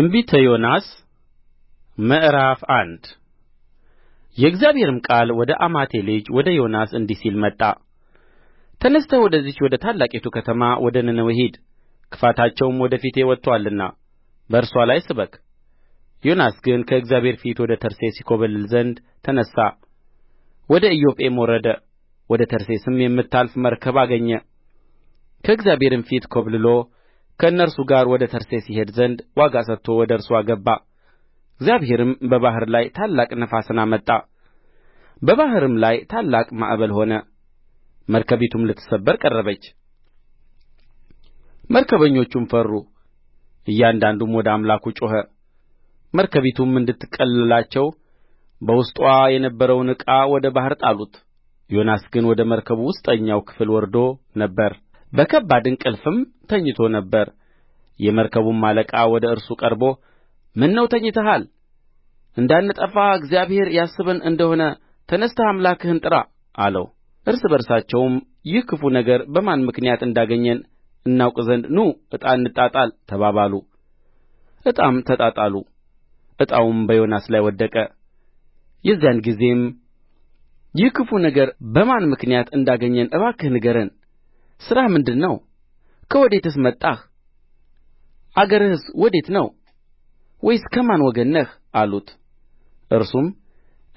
ትንቢተ ዮናስ ምዕራፍ አንድ የእግዚአብሔርም ቃል ወደ አማቴ ልጅ ወደ ዮናስ እንዲህ ሲል መጣ ተነሥተህ ወደዚች ወደ ታላቂቱ ከተማ ወደ ነነዌ ሂድ ክፋታቸውም ወደ ፊቴ ወጥቶአልና በእርስዋ ላይ ስበክ ዮናስ ግን ከእግዚአብሔር ፊት ወደ ተርሴስ ይኰበልል ዘንድ ተነሣ ወደ ኢዮጴም ወረደ ወደ ተርሴስም የምታልፍ መርከብ አገኘ ከእግዚአብሔርም ፊት ኰብልሎ ከእነርሱ ጋር ወደ ተርሴስ ይሄድ ዘንድ ዋጋ ሰጥቶ ወደ እርስዋ ገባ እግዚአብሔርም በባሕር ላይ ታላቅ ነፋስን አመጣ በባሕርም ላይ ታላቅ ማዕበል ሆነ መርከቢቱም ልትሰበር ቀረበች መርከበኞቹም ፈሩ እያንዳንዱም ወደ አምላኩ ጮኸ መርከቢቱም እንድትቀልላቸው በውስጧ የነበረውን ዕቃ ወደ ባሕር ጣሉት ዮናስ ግን ወደ መርከቡ ውስጠኛው ክፍል ወርዶ ነበር በከባድ እንቅልፍም ተኝቶ ነበር የመርከቡም አለቃ ወደ እርሱ ቀርቦ ምነው ተኝተሃል እንዳንጠፋ እግዚአብሔር ያስበን እንደ ሆነ ተነሥተህ አምላክህን ጥራ አለው እርስ በርሳቸውም ይህ ክፉ ነገር በማን ምክንያት እንዳገኘን እናውቅ ዘንድ ኑ ዕጣ እንጣጣል ተባባሉ ዕጣም ተጣጣሉ ዕጣውም በዮናስ ላይ ወደቀ የዚያን ጊዜም ይህ ክፉ ነገር በማን ምክንያት እንዳገኘን እባክህ ንገረን ሥራህ ምንድር ነው ከወዴትስ መጣህ አገርህስ ወዴት ነው ወይስ ከማን ወገን ነህ አሉት እርሱም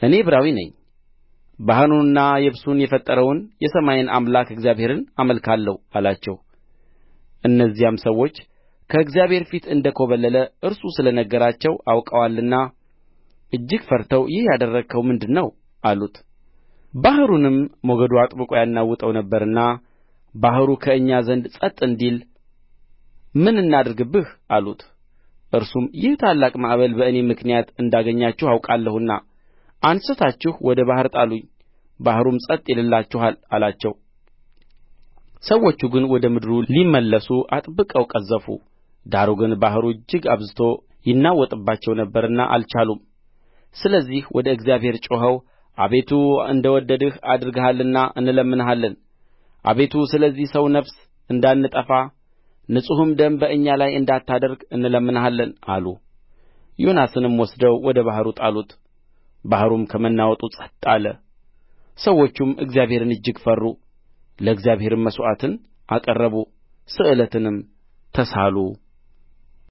እኔ ዕብራዊ ነኝ ባሕሩንና የብሱን የፈጠረውን የሰማይን አምላክ እግዚአብሔርን አመልካለሁ አላቸው እነዚያም ሰዎች ከእግዚአብሔር ፊት እንደ ኰበለለ እርሱ ስለ ነገራቸው አውቀዋልና እጅግ ፈርተው ይህ ያደረግኸው ምንድር ነው አሉት ባሕሩንም ሞገዱ አጥብቆ ያናውጠው ነበርና ባሕሩ ከእኛ ዘንድ ጸጥ እንዲል ምን እናድርግብህ አሉት እርሱም ይህ ታላቅ ማዕበል በእኔ ምክንያት እንዳገኛችሁ አውቃለሁና አንሥታችሁ ወደ ባሕር ጣሉኝ ባሕሩም ጸጥ ይልላችኋል አላቸው ሰዎቹ ግን ወደ ምድሩ ሊመለሱ አጥብቀው ቀዘፉ ዳሩ ግን ባሕሩ እጅግ አብዝቶ ይናወጥባቸው ነበርና አልቻሉም ስለዚህ ወደ እግዚአብሔር ጮኸው አቤቱ እንደ ወደድህ አድርገሃልና እንለምንሃለን አቤቱ ስለዚህ ሰው ነፍስ እንዳንጠፋ ንጹሕም ደም በእኛ ላይ እንዳታደርግ እንለምንሃለን አሉ ዮናስንም ወስደው ወደ ባሕሩ ጣሉት ባሕሩም ከመናወጡ ጸጥ አለ ሰዎቹም እግዚአብሔርን እጅግ ፈሩ ለእግዚአብሔርም መሥዋዕትን አቀረቡ ስእለትንም ተሳሉ